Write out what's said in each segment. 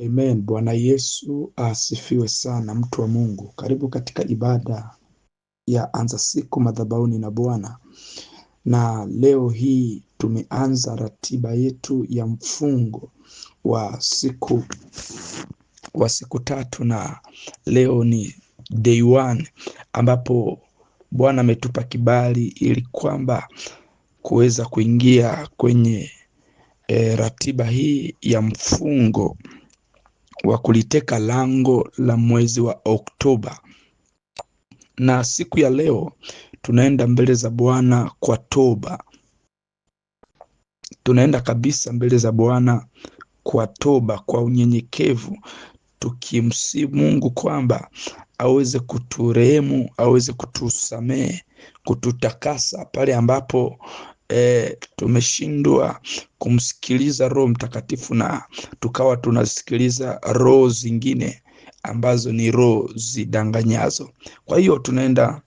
Amen. Bwana Yesu asifiwe sana, mtu wa Mungu. Karibu katika ibada ya anza siku madhabahuni na Bwana, na leo hii tumeanza ratiba yetu ya mfungo wa siku wa siku tatu, na leo ni day one, ambapo Bwana ametupa kibali ili kwamba kuweza kuingia kwenye e, ratiba hii ya mfungo wa kuliteka lango la mwezi wa Oktoba. Na siku ya leo tunaenda mbele za Bwana kwa toba, tunaenda kabisa mbele za Bwana kwa toba, kwa unyenyekevu, tukimsi Mungu kwamba aweze kuturehemu, aweze kutusamehe, kututakasa pale ambapo e, tumeshindwa kumsikiliza Roho Mtakatifu na tukawa tunasikiliza roho zingine ambazo ni roho zidanganyazo. Kwa hiyo tunaenda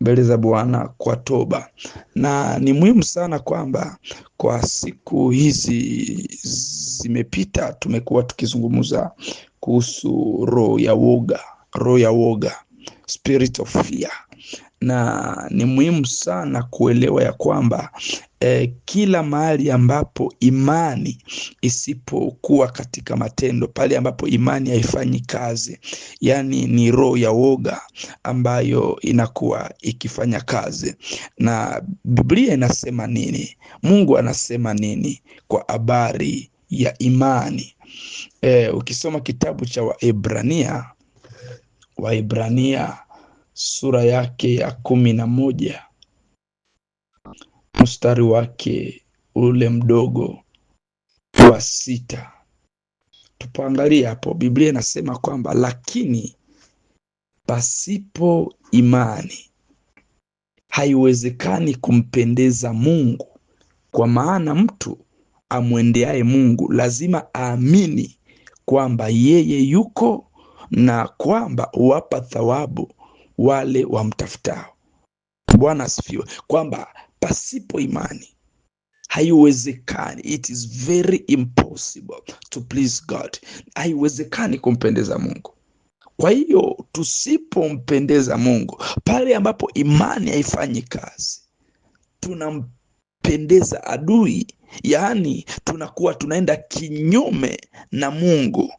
mbele za Bwana kwa toba, na ni muhimu sana kwamba kwa siku hizi zimepita, tumekuwa tukizungumza kuhusu roho ya woga, roho ya woga, spirit of fear na ni muhimu sana kuelewa ya kwamba eh, kila mahali ambapo imani isipokuwa katika matendo, pale ambapo imani haifanyi kazi, yaani ni roho ya woga ambayo inakuwa ikifanya kazi. Na Biblia inasema nini? Mungu anasema nini kwa habari ya imani? Eh, ukisoma kitabu cha Waebrania, Waebrania sura yake ya kumi na moja mstari wake ule mdogo wa sita. Tupoangalia hapo, Biblia inasema kwamba lakini pasipo imani haiwezekani kumpendeza Mungu, kwa maana mtu amwendeaye Mungu lazima aamini kwamba yeye yuko na kwamba huwapa thawabu wale wamtafutao. Bwana asifiwe, kwamba pasipo imani haiwezekani, it is very impossible to please God, haiwezekani kumpendeza Mungu. Kwa hiyo tusipompendeza Mungu, pale ambapo imani haifanyi kazi, tunampendeza adui, yaani tunakuwa tunaenda kinyume na Mungu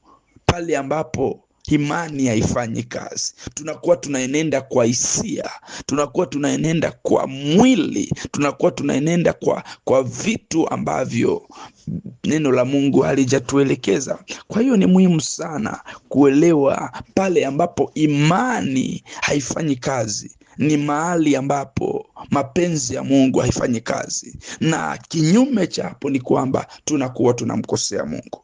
pale ambapo Imani haifanyi kazi, tunakuwa tunaenenda kwa hisia, tunakuwa tunaenenda kwa mwili, tunakuwa tunaenenda kwa, kwa vitu ambavyo neno la Mungu halijatuelekeza. Kwa hiyo ni muhimu sana kuelewa pale ambapo imani haifanyi kazi ni mahali ambapo mapenzi ya Mungu haifanyi kazi, na kinyume cha hapo ni kwamba tunakuwa tunamkosea Mungu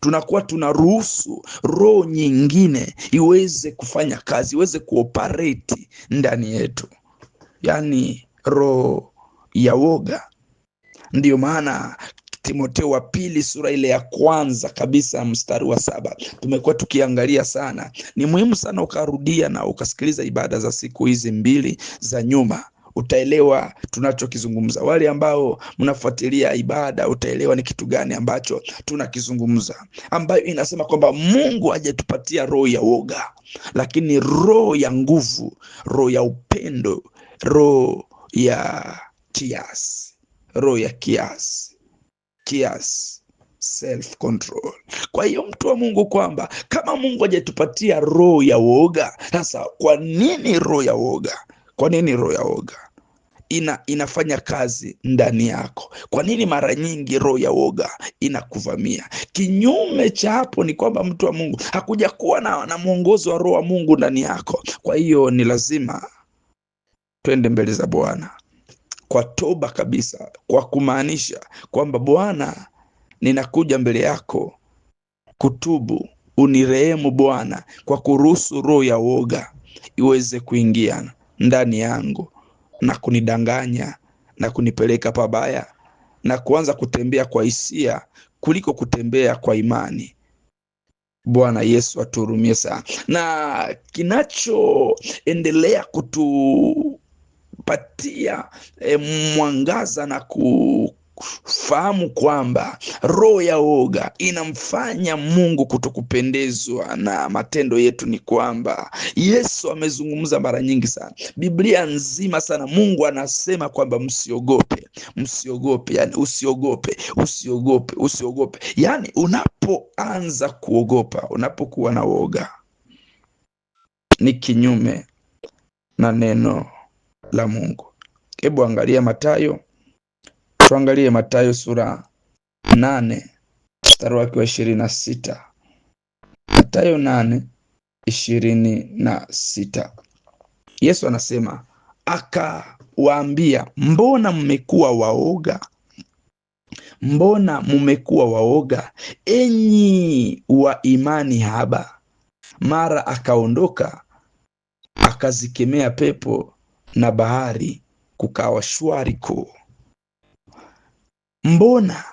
tunakuwa tunaruhusu roho nyingine iweze kufanya kazi, iweze kuoperate ndani yetu, yaani roho ya woga. Ndiyo maana timoteo wa pili sura ile ya kwanza kabisa mstari wa saba tumekuwa tukiangalia sana. Ni muhimu sana ukarudia na ukasikiliza ibada za siku hizi mbili za nyuma, utaelewa tunachokizungumza. Wale ambao mnafuatilia ibada, utaelewa ni kitu gani ambacho tunakizungumza, ambayo inasema kwamba Mungu hajatupatia roho ya woga, lakini roho ya nguvu, roho ya upendo, roho ya kiasi, roho ya kiasi, kiasi Self control. Kwa hiyo mtu wa Mungu, kwamba kama Mungu hajatupatia roho ya woga, sasa kwa nini roho ya woga? Kwa nini roho ya woga? ina, inafanya kazi ndani yako. Kwa nini mara nyingi roho ya woga inakuvamia? Kinyume cha hapo ni kwamba mtu wa Mungu hakuja kuwa na, na mwongozo wa roho wa Mungu ndani yako. Kwa hiyo ni lazima twende mbele za Bwana kwa toba kabisa, kwa kumaanisha kwamba Bwana, ninakuja mbele yako kutubu, unirehemu Bwana kwa kuruhusu roho ya woga iweze kuingia ndani yangu na kunidanganya na kunipeleka pabaya na kuanza kutembea kwa hisia kuliko kutembea kwa imani. Bwana Yesu atuhurumie sana. Na kinachoendelea kutupatia e, mwangaza na ku, fahamu kwamba roho ya woga inamfanya Mungu kutokupendezwa na matendo yetu, ni kwamba Yesu amezungumza mara nyingi sana, Biblia nzima sana, Mungu anasema kwamba msiogope, msiogope, yani usiogope, usiogope, usiogope. Yani unapoanza kuogopa, unapokuwa na woga, ni kinyume na neno la Mungu. Hebu angalia matayo Tuangalie Mathayo sura nane mstari wake wa ishirini na sita. Mathayo nane ishirini na sita. Yesu anasema akawaambia, mbona mmekuwa waoga? Mbona mmekuwa waoga, enyi wa imani haba? Mara akaondoka akazikemea pepo na bahari, kukawa shwari kuu mbona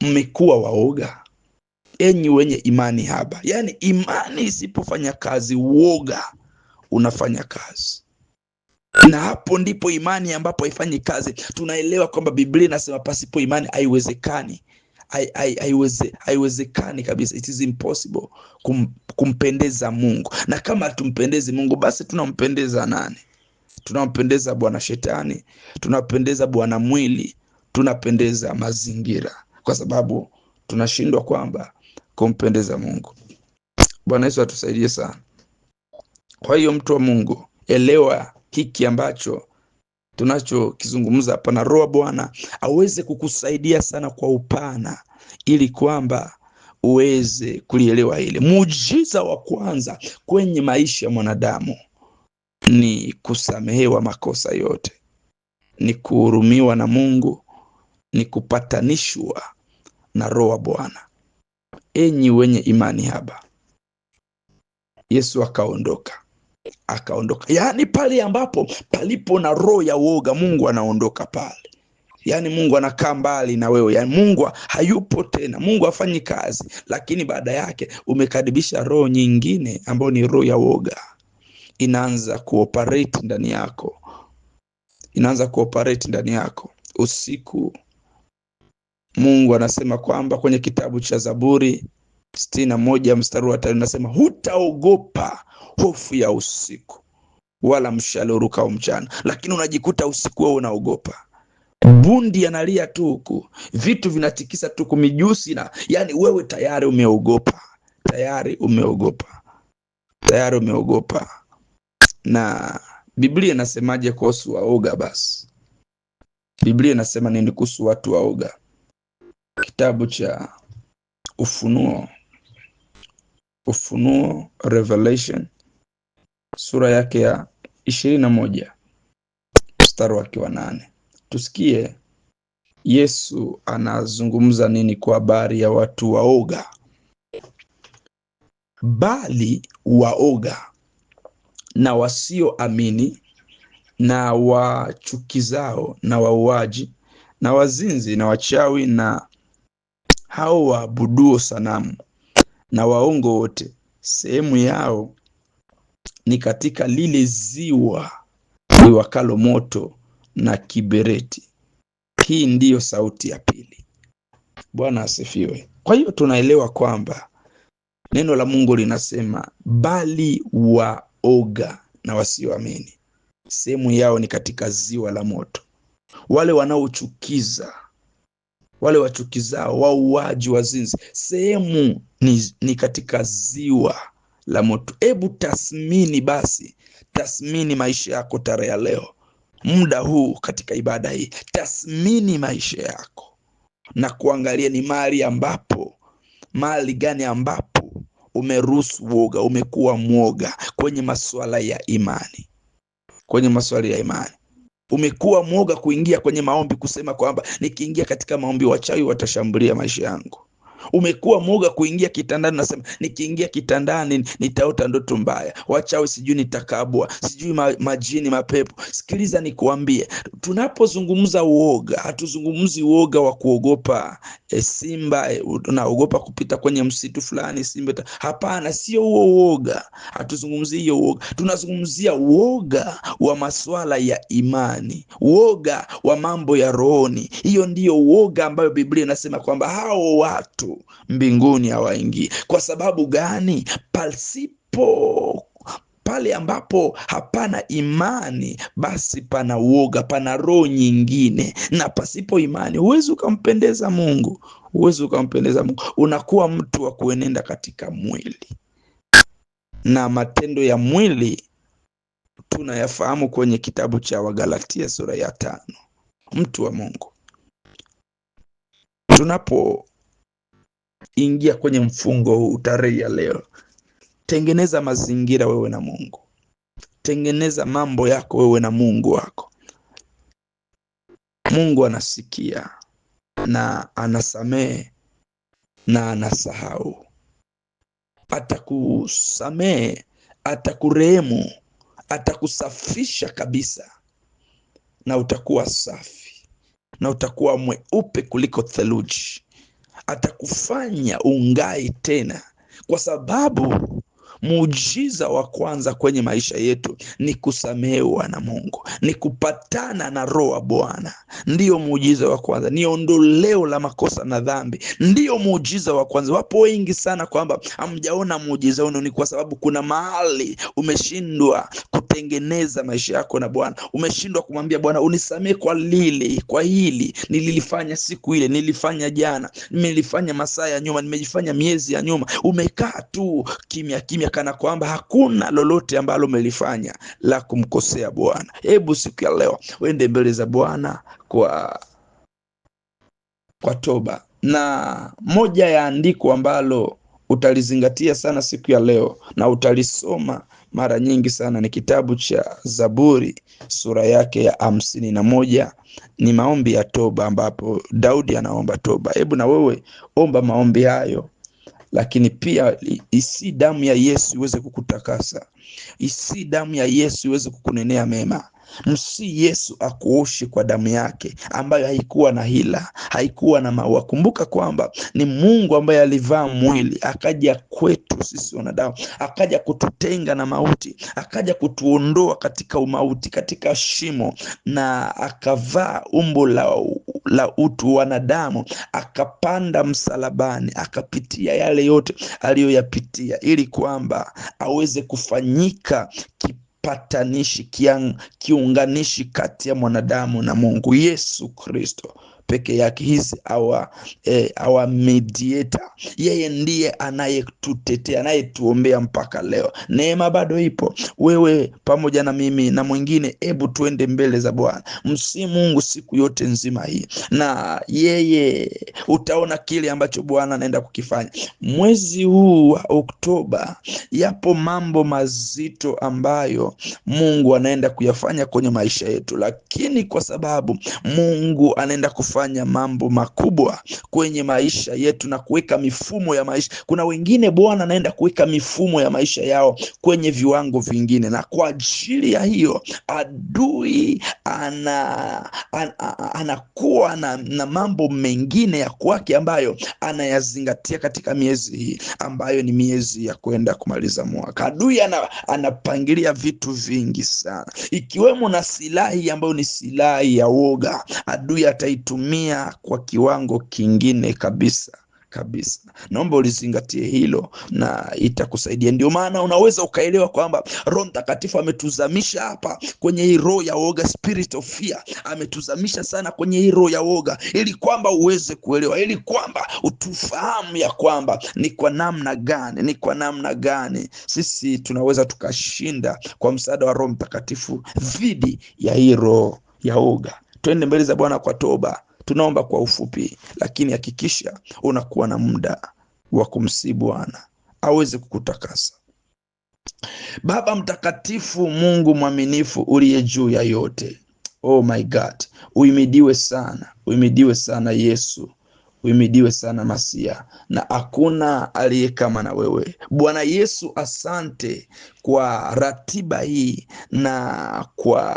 mmekuwa waoga enyi wenye imani haba? Yaani imani isipofanya kazi, uoga unafanya kazi, na hapo ndipo imani ambapo haifanyi kazi. Tunaelewa kwamba Biblia inasema pasipo imani haiwezekani haiwezekani kabisa, it is impossible kum, kumpendeza Mungu. Na kama hatumpendezi Mungu, basi tunampendeza nani? Tunampendeza bwana shetani? Tunampendeza bwana mwili? tunapendeza mazingira, kwa sababu tunashindwa kwamba kumpendeza Mungu. Bwana Yesu atusaidie sana. Kwa hiyo mtu wa Mungu, elewa hiki ambacho tunachokizungumza hapa, na Roho Bwana aweze kukusaidia sana kwa upana, ili kwamba uweze kulielewa hili. Muujiza wa kwanza kwenye maisha ya mwanadamu ni kusamehewa makosa yote, ni kuhurumiwa na Mungu ni kupatanishwa na roho wa Bwana. Enyi wenye imani haba. Yesu akaondoka akaondoka, yaani pale ambapo palipo na roho ya uoga, Mungu anaondoka pale. Yaani Mungu anakaa mbali na wewe, yaani Mungu hayupo tena, Mungu hafanyi kazi, lakini baada yake umekaribisha roho nyingine ambayo ni roho ya uoga, inaanza kuoperate ndani yako, inaanza kuoperate ndani yako usiku Mungu anasema kwamba kwenye kitabu cha Zaburi sitini na moja mstari wa tano anasema hutaogopa hofu ya usiku wala mshale urukao mchana. Lakini unajikuta usiku wewe unaogopa, bundi analia tu huku, vitu vinatikisa tu, mijusi na yani, wewe tayari umeogopa, tayari umeogopa, tayari umeogopa. Na Biblia inasemaje kuhusu waoga? Basi Biblia inasema nini kuhusu watu waoga? kitabu cha Ufunuo, Ufunuo Revelation sura yake ya ishirini na moja mstari wake wa nane. Tusikie Yesu anazungumza nini kwa habari ya watu waoga. Bali waoga na wasioamini na wachukizao na wauaji na wazinzi na wachawi na hao waabuduo sanamu na waongo wote, sehemu yao ni katika lile ziwa liwakalo moto na kibereti. Hii ndiyo sauti ya pili. Bwana asifiwe. Kwa hiyo tunaelewa kwamba neno la Mungu linasema bali waoga na wasioamini sehemu yao ni katika ziwa la moto, wale wanaochukiza wale wachukizao, wauaji, wazinzi. Sehemu ni, ni katika ziwa la moto. Hebu tathmini basi, tathmini maisha yako tarehe ya leo, muda huu katika ibada hii, tathmini maisha yako na kuangalia ni mahali ambapo, mahali gani ambapo umeruhusu woga, umekuwa mwoga kwenye masuala ya imani, kwenye masuala ya imani. Umekuwa mwoga kuingia kwenye maombi, kusema kwamba nikiingia katika maombi wachawi watashambulia maisha yangu. Umekuwa muoga kuingia kitandani, unasema nikiingia kitandani nitaota ndoto mbaya, wachawi sijui nitakabwa, sijui majini, mapepo. Sikiliza nikuambie, tunapozungumza uoga, hatuzungumzi uoga wa kuogopa e, simba e, unaogopa kupita kwenye msitu fulani simba. Hapana, sio huo uoga, hatuzungumzi hiyo uoga. Tunazungumzia uoga wa masuala ya imani, uoga wa mambo ya rohoni. Hiyo ndiyo uoga ambayo Biblia inasema kwamba hao watu mbinguni hawaingii. Kwa sababu gani? Pasipo pale ambapo hapana imani, basi pana uoga, pana roho nyingine, na pasipo imani huwezi ukampendeza Mungu, huwezi ukampendeza Mungu. Unakuwa mtu wa kuenenda katika mwili na matendo ya mwili tunayafahamu kwenye kitabu cha Wagalatia sura ya tano. Mtu wa Mungu, tunapo ingia kwenye mfungo huu tarehe ya leo. Tengeneza mazingira wewe na Mungu, tengeneza mambo yako wewe na Mungu wako. Mungu anasikia na anasamehe na anasahau. Atakusamehe, atakurehemu, atakusafisha kabisa, na utakuwa safi na utakuwa mweupe kuliko theluji atakufanya ungai tena, kwa sababu Muujiza wa kwanza kwenye maisha yetu ni kusamehewa na Mungu, ni kupatana na roho wa Bwana. Ndiyo muujiza wa kwanza, ni ondoleo la makosa na dhambi, ndiyo muujiza wa kwanza. Wapo wengi sana kwamba hamjaona muujiza huno, ni kwa sababu kuna mahali umeshindwa kutengeneza maisha yako na Bwana, umeshindwa kumwambia Bwana, unisamehe kwa lile, kwa hili nililifanya siku ile, nilifanya jana, nimelifanya masaa ya nyuma, nimejifanya miezi ya nyuma. Umekaa tu kimya kimya ya kana kwamba hakuna lolote ambalo umelifanya la kumkosea Bwana. Hebu siku ya leo uende mbele za Bwana kwa kwa toba, na moja ya andiko ambalo utalizingatia sana siku ya leo na utalisoma mara nyingi sana ni kitabu cha Zaburi sura yake ya hamsini na moja. Ni maombi ya toba, ambapo Daudi anaomba toba. Hebu na wewe omba maombi hayo lakini pia isi damu ya Yesu iweze kukutakasa, isi damu ya Yesu iweze kukunenea mema. Msi Yesu akuoshe kwa damu yake ambayo haikuwa na hila, haikuwa na maua. Kumbuka kwamba ni Mungu ambaye alivaa mwili akaja kwetu sisi wanadamu, akaja kututenga na mauti, akaja kutuondoa katika umauti, katika shimo, na akavaa umbo la la utu wanadamu, akapanda msalabani, akapitia yale yote aliyoyapitia, ili kwamba aweze kufanyika kipatanishi kiang, kiunganishi kati ya mwanadamu na Mungu. Yesu Kristo peke yake. his our, eh, our mediator. Yeye ndiye anayetutetea anayetuombea mpaka leo. Neema bado ipo. Wewe pamoja na mimi na mwingine, hebu tuende mbele za Bwana, msi Mungu siku yote nzima hii, na yeye utaona kile ambacho Bwana anaenda kukifanya mwezi huu wa Oktoba. Yapo mambo mazito ambayo Mungu anaenda kuyafanya kwenye maisha yetu, lakini kwa sababu Mungu anaenda kufanya kufanya mambo makubwa kwenye maisha yetu na kuweka mifumo ya maisha. Kuna wengine Bwana anaenda kuweka mifumo ya maisha yao kwenye viwango vingine, na kwa ajili ya hiyo adui ana, an, an, anakuwa na, na mambo mengine ya kwake ambayo anayazingatia katika miezi hii ambayo ni miezi ya kwenda kumaliza mwaka. Adui ana, anapangilia vitu vingi sana, ikiwemo na silahi ambayo ni silahi ya woga. Adui ataitumia kutumia kwa kiwango kingine kabisa kabisa. Naomba ulizingatie hilo na itakusaidia. Ndio maana unaweza ukaelewa kwamba Roho Mtakatifu ametuzamisha hapa kwenye hii roho ya woga, spirit of fear, ametuzamisha sana kwenye hii roho ya woga, ili kwamba uweze kuelewa, ili kwamba utufahamu ya kwamba ni kwa namna gani, ni kwa namna gani sisi tunaweza tukashinda kwa msaada wa Roho Mtakatifu dhidi ya hii roho ya woga. Twende mbele za Bwana kwa toba. Tunaomba kwa ufupi, lakini hakikisha unakuwa na muda wa kumsii Bwana aweze kukutakasa. Baba mtakatifu, Mungu mwaminifu, uliye juu ya yote, oh my God, uimidiwe sana, uimidiwe sana Yesu, uimidiwe sana Masia, na hakuna aliye kama na wewe Bwana Yesu. Asante kwa ratiba hii na kwa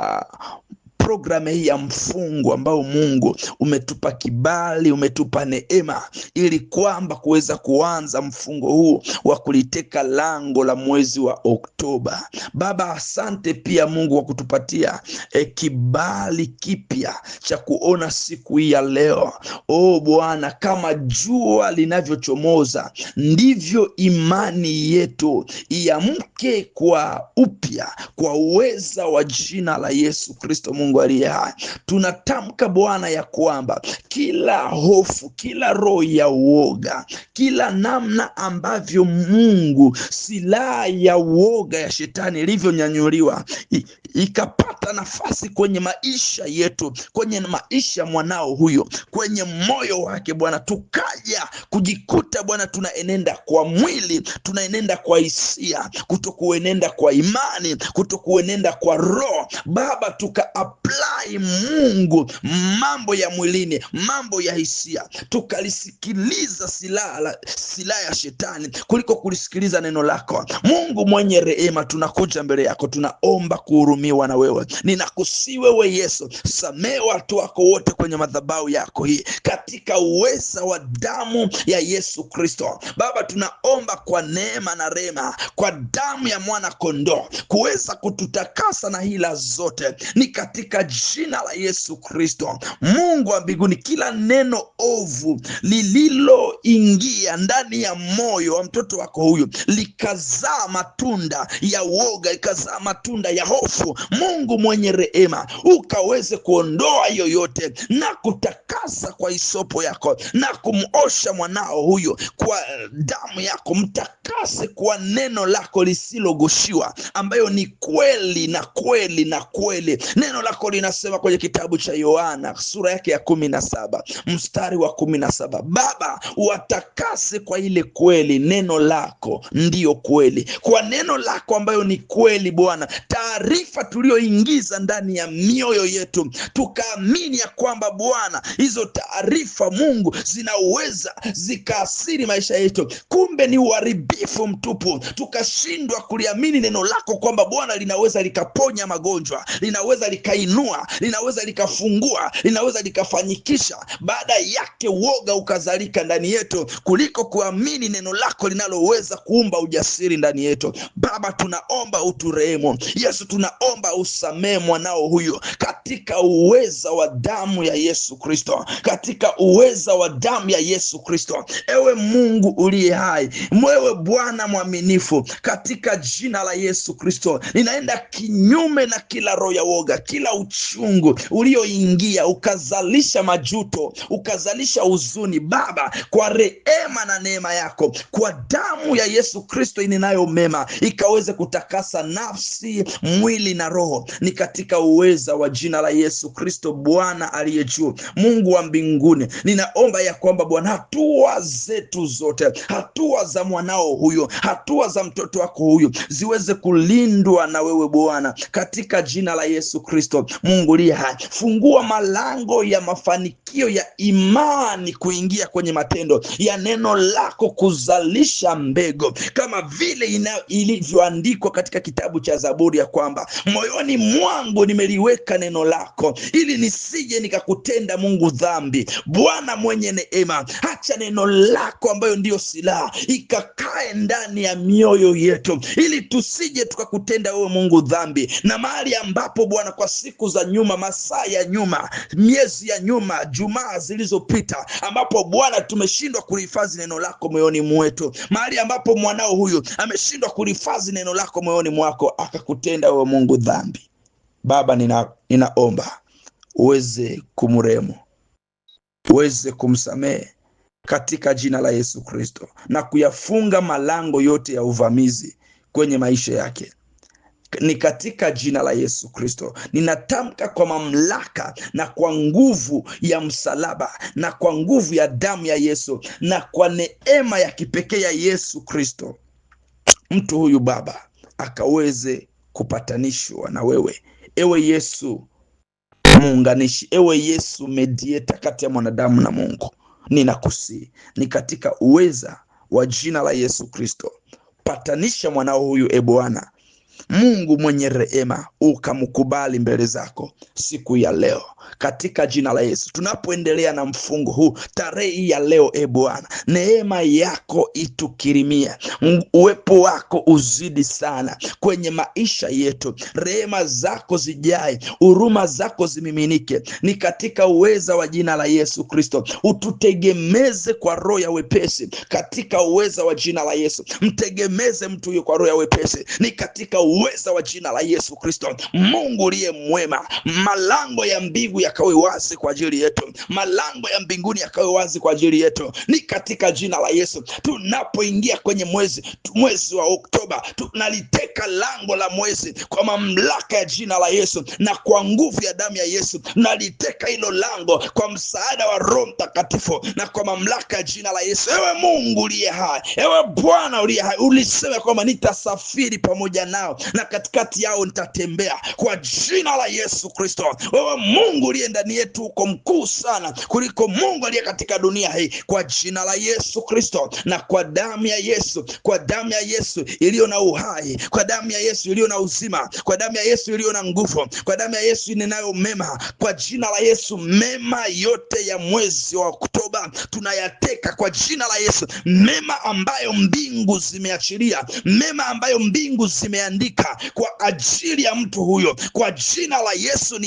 programu hii ya mfungo ambao Mungu umetupa kibali, umetupa neema ili kwamba kuweza kuanza mfungo huu wa kuliteka lango la mwezi wa Oktoba. Baba, asante pia Mungu wa kutupatia e, kibali kipya cha kuona siku hii ya leo. O Bwana, kama jua linavyochomoza ndivyo imani yetu iamke kwa upya kwa uweza wa jina la Yesu Kristo Mungu kutuangalia. Tunatamka Bwana ya kwamba kila hofu, kila roho ya uoga, kila namna ambavyo Mungu silaha ya uoga ya shetani ilivyonyanyuliwa ikapata nafasi kwenye maisha yetu, kwenye maisha mwanao huyo, kwenye moyo wake Bwana, tukaja kujikuta Bwana tunaenenda kwa mwili, tunaenenda kwa hisia, kutokuenenda kwa imani, kutokuenenda kwa roho Baba tuka apply Mungu mambo ya mwilini, mambo ya hisia, tukalisikiliza silaha silaha ya shetani kuliko kulisikiliza neno lako. Mungu mwenye rehema, tunakuja mbele yako, tunaomba kuhurumiwa na wewe. Ninakusi wewe Yesu, samee watu wako wote kwenye madhabahu yako hii, katika uweza wa damu ya Yesu Kristo. Baba, tunaomba kwa neema na rehema, kwa damu ya mwana kondoo kuweza kututakasa na hila zote, ni katika katika jina la Yesu Kristo. Mungu wa mbinguni, kila neno ovu lililoingia ndani ya moyo wa mtoto wako huyu likazaa matunda ya woga, ikazaa matunda ya hofu, Mungu mwenye rehema, ukaweze kuondoa yoyote na kutakasa kwa isopo yako na kumosha mwanao huyu kwa damu yako, mtakase kwa neno lako lisilogoshiwa, ambayo ni kweli na kweli na kweli, neno lako lako linasema kwenye kitabu cha Yohana sura yake ya kumi na saba mstari wa kumi na saba Baba, watakase kwa ile kweli, neno lako ndiyo kweli. Kwa neno lako ambayo ni kweli, Bwana, taarifa tuliyoingiza ndani ya mioyo yetu, tukaamini ya kwamba Bwana, hizo taarifa Mungu zinaweza zikaasiri maisha yetu, kumbe ni uharibifu mtupu, tukashindwa kuliamini neno lako kwamba Bwana linaweza likaponya magonjwa, linaweza likai likainua linaweza likafungua linaweza likafanyikisha baada yake uoga ukazalika ndani yetu kuliko kuamini neno lako linaloweza kuumba ujasiri ndani yetu baba tunaomba uturehemu yesu tunaomba usamehe mwanao huyo katika uweza wa damu ya yesu kristo katika uweza wa damu ya yesu kristo ewe mungu uliye hai mwewe bwana mwaminifu katika jina la yesu kristo ninaenda kinyume na kila roho ya woga kila uchungu ulioingia ukazalisha majuto ukazalisha huzuni. Baba, kwa rehema na neema yako, kwa damu ya Yesu Kristo ininayo mema, ikaweze kutakasa nafsi, mwili na roho, ni katika uweza wa jina la Yesu Kristo, Bwana aliye juu, Mungu wa mbinguni. Ninaomba ya kwamba Bwana, hatua zetu zote, hatua za mwanao huyo, hatua za mtoto wako huyo ziweze kulindwa na wewe Bwana, katika jina la Yesu Kristo. Mungu uliye hai, fungua malango ya mafanikio ya imani kuingia kwenye matendo ya neno lako, kuzalisha mbegu kama vile ilivyoandikwa katika kitabu cha Zaburi ya kwamba moyoni mwangu nimeliweka neno lako, ili nisije nikakutenda Mungu dhambi. Bwana mwenye neema, hacha neno lako ambayo ndiyo silaha ikakae ndani ya mioyo yetu, ili tusije tukakutenda wewe Mungu dhambi, na mahali ambapo Bwana kwa siku siku za nyuma, masaa ya nyuma, miezi ya nyuma, jumaa zilizopita, ambapo Bwana tumeshindwa kulihifadhi neno lako moyoni mwetu, mahali ambapo mwanao huyu ameshindwa kulihifadhi neno lako moyoni mwako, akakutenda wewe Mungu dhambi. Baba, nina ninaomba uweze kumrehemu, uweze kumsamehe katika jina la Yesu Kristo, na kuyafunga malango yote ya uvamizi kwenye maisha yake ni katika jina la Yesu Kristo ninatamka kwa mamlaka na kwa nguvu ya msalaba na kwa nguvu ya damu ya Yesu na kwa neema ya kipekee ya Yesu Kristo, mtu huyu Baba akaweze kupatanishwa na wewe, ewe Yesu muunganishi, ewe Yesu medieta kati ya mwanadamu na Mungu. Ninakusii ni katika uweza wa jina la Yesu Kristo, patanisha mwanao huyu, e Bwana Mungu mwenye rehema ukamkubali mbele zako siku ya leo katika jina la Yesu. Tunapoendelea na mfungo huu tarehe hii ya leo, e Bwana, neema yako itukirimia, uwepo wako uzidi sana kwenye maisha yetu, rehema zako zijae, huruma zako zimiminike. Ni katika uweza wa jina la Yesu Kristo, ututegemeze kwa roho ya wepesi, katika uweza wa jina la Yesu. Mtegemeze mtu huyo kwa roho ya wepesi, ni katika uweza wa jina la Yesu Kristo. Mungu uliye mwema, malango ya mbingu yakawe wazi kwa ajili yetu, malango ya mbinguni yakawe wazi kwa ajili yetu, ni katika jina la Yesu. Tunapoingia kwenye mwezi mwezi wa Oktoba, tunaliteka lango la mwezi kwa mamlaka ya jina la Yesu na kwa nguvu ya damu ya Yesu. Naliteka hilo lango kwa msaada wa Roho Mtakatifu na kwa mamlaka ya jina la Yesu. Ewe Mungu uliye hai, ewe Bwana uliye hai, ulisema kwamba nitasafiri pamoja nao na katikati yao nitatembea kwa jina la Yesu Kristo. Wewe Mungu uliye ndani yetu uko mkuu sana kuliko Mungu aliye katika dunia hii, kwa jina la Yesu Kristo na kwa damu ya Yesu, kwa damu ya Yesu iliyo na uhai, kwa damu ya Yesu iliyo na uzima, kwa damu ya Yesu iliyo na nguvu, kwa damu ya Yesu ninayo mema, kwa jina la Yesu, mema yote ya mwezi wa Oktoba tunayateka kwa jina la Yesu, mema ambayo mbingu zimeachilia, mema ambayo mbingu zimeandika ninayatwika kwa ajili ya mtu huyo. Kwa jina la Yesu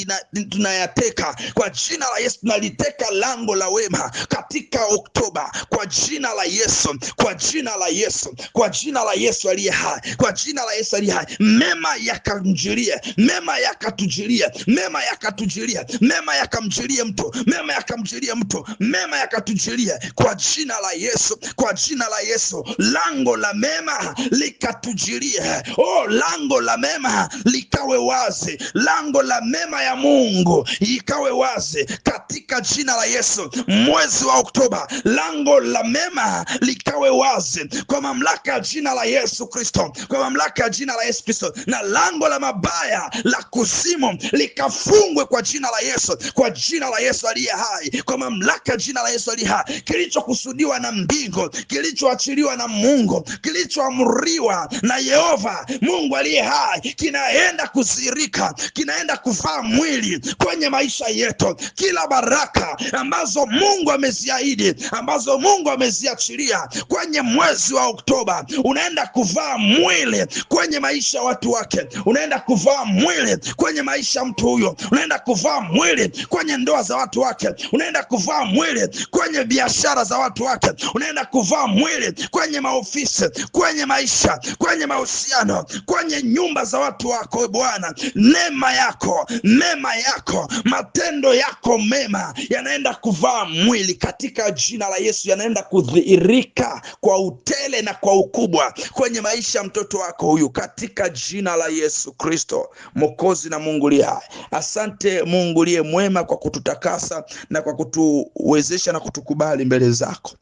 tunayateka, kwa jina la Yesu tunaliteka lango la wema katika Oktoba, kwa jina la Yesu, kwa jina la Yesu, kwa jina la Yesu aliye hai, kwa jina la Yesu aliye hai. Mema yakamjilie, mema yakatujilie, mema yakatujilie, mema yakamjilie mtu, mema yakamjilie mtu, mema yakatujilie kwa jina la Yesu, kwa jina la Yesu, lango la mema likatujilie. Oh, lango la mema likawe wazi, lango la mema ya Mungu ikawe wazi katika jina la Yesu. Mwezi wa Oktoba, lango la mema likawe wazi kwa mamlaka ya jina la Yesu Kristo, kwa mamlaka ya jina la Yesu Kristo, na lango la mabaya la kuzimu likafungwe kwa jina la Yesu, kwa jina la Yesu aliye hai, kwa mamlaka ya jina la Yesu aliye hai. Kilichokusudiwa na mbingu, kilichoachiliwa na Mungu, kilichoamriwa na Yehova Mungu aliye hai kinaenda kuzirika, kinaenda kuvaa mwili kwenye maisha yetu. Kila baraka ambazo Mungu ameziahidi, ambazo Mungu ameziachilia kwenye mwezi wa Oktoba, unaenda kuvaa mwili kwenye maisha ya watu wake, unaenda kuvaa mwili kwenye maisha ya mtu huyo, unaenda kuvaa mwili kwenye ndoa za watu wake, unaenda kuvaa mwili kwenye biashara za watu wake, unaenda kuvaa mwili kwenye maofisi, kwenye maisha, kwenye mahusiano, kwenye zifanye nyumba za watu wako Bwana, neema yako, neema yako, matendo yako mema yanaenda kuvaa mwili katika jina la Yesu, yanaenda kudhihirika kwa utele na kwa ukubwa kwenye maisha ya mtoto wako huyu katika jina la Yesu Kristo Mwokozi na Mungu liye hai. Asante Mungu liye mwema kwa kututakasa na kwa kutuwezesha na kutukubali mbele zako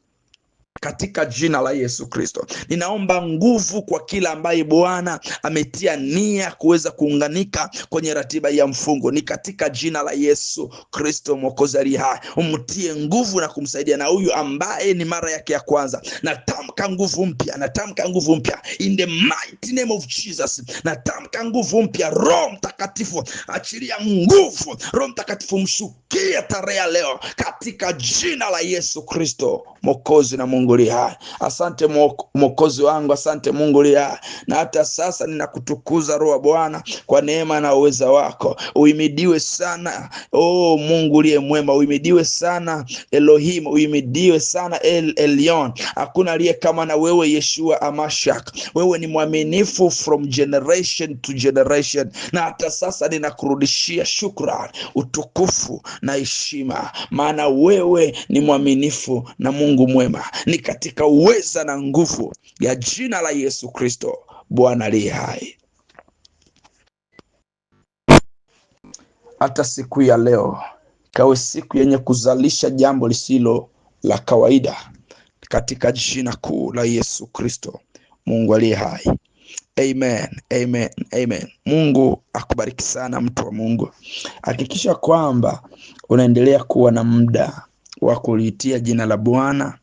katika jina la Yesu Kristo ninaomba nguvu kwa kila ambaye Bwana ametia nia kuweza kuunganika kwenye ratiba ya mfungo, ni katika jina la Yesu Kristo mwokozi aliye hai, umtie nguvu na kumsaidia. Na huyu ambaye ni mara yake ya kwanza, natamka nguvu mpya, natamka nguvu mpya in the mighty name of Jesus, natamka nguvu mpya. Roho Mtakatifu achilia nguvu, Roho Mtakatifu mshukie tarehe ya leo katika jina la Yesu Kristo mwokozi na Mungu. Mungu li hai. Asante Mwokozi wangu, asante Mungu li hai. Na hata sasa ninakutukuza Roho Bwana kwa neema na uweza wako. Uimidiwe sana oh, Mungu liye mwema, uimidiwe sana Elohim, uimidiwe sana El Elyon. Hakuna aliye kama na wewe Yeshua Amashak. Wewe ni mwaminifu from generation to generation, na hata sasa ninakurudishia shukran, utukufu na heshima, maana wewe ni mwaminifu na Mungu mwema ni katika uweza na nguvu ya jina la Yesu Kristo Bwana aliye hai. Hata siku ya leo kawe siku yenye kuzalisha jambo lisilo la kawaida katika jina kuu la Yesu Kristo Mungu aliye hai. Amen, amen, amen. Mungu akubariki sana mtu wa Mungu. Hakikisha kwamba unaendelea kuwa na muda wa kuliitia jina la Bwana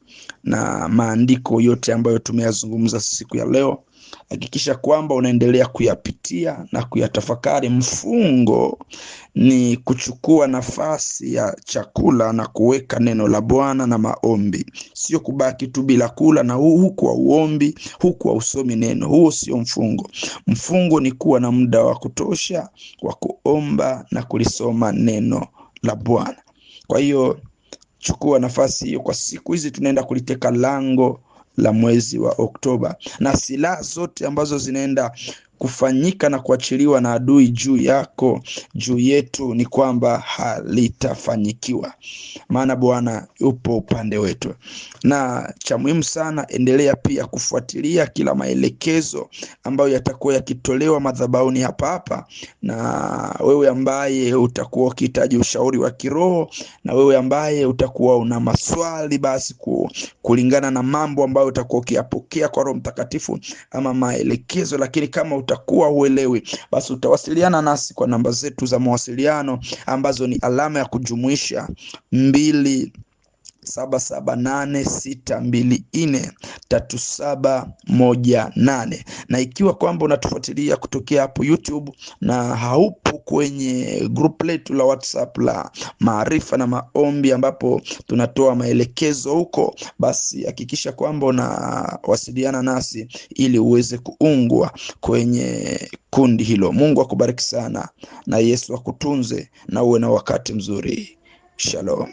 na maandiko yote ambayo tumeyazungumza siku ya leo. Hakikisha kwamba unaendelea kuyapitia na kuyatafakari. Mfungo ni kuchukua nafasi ya chakula na kuweka neno la Bwana na maombi, sio kubaki tu bila kula na huku hauombi, huku hausomi neno. Huo sio mfungo. Mfungo ni kuwa na muda wa kutosha wa kuomba na kulisoma neno la Bwana. Kwa hiyo chukua nafasi hiyo kwa siku hizi tunaenda kuliteka lango la mwezi wa Oktoba, na silaha zote ambazo zinaenda kufanyika na kuachiliwa na adui juu yako juu yetu ni kwamba halitafanyikiwa, maana Bwana yupo upande wetu. Na cha muhimu sana, endelea pia kufuatilia kila maelekezo ambayo yatakuwa yakitolewa madhabahuni hapa hapa, na wewe ambaye utakuwa ukihitaji ushauri wa kiroho, na wewe ambaye utakuwa una maswali, basi kulingana na mambo ambayo utakuwa ukiyapokea kwa Roho Mtakatifu ama maelekezo, lakini kama utakuwa uelewi, basi utawasiliana nasi kwa namba zetu za mawasiliano ambazo ni alama ya kujumuisha mbili 7786243718 na ikiwa kwamba unatufuatilia kutokea hapo YouTube na haupo kwenye group letu la WhatsApp la maarifa na maombi, ambapo tunatoa maelekezo huko, basi hakikisha kwamba unawasiliana nasi ili uweze kuungwa kwenye kundi hilo. Mungu akubariki sana na Yesu akutunze na uwe na wakati mzuri. Shalom.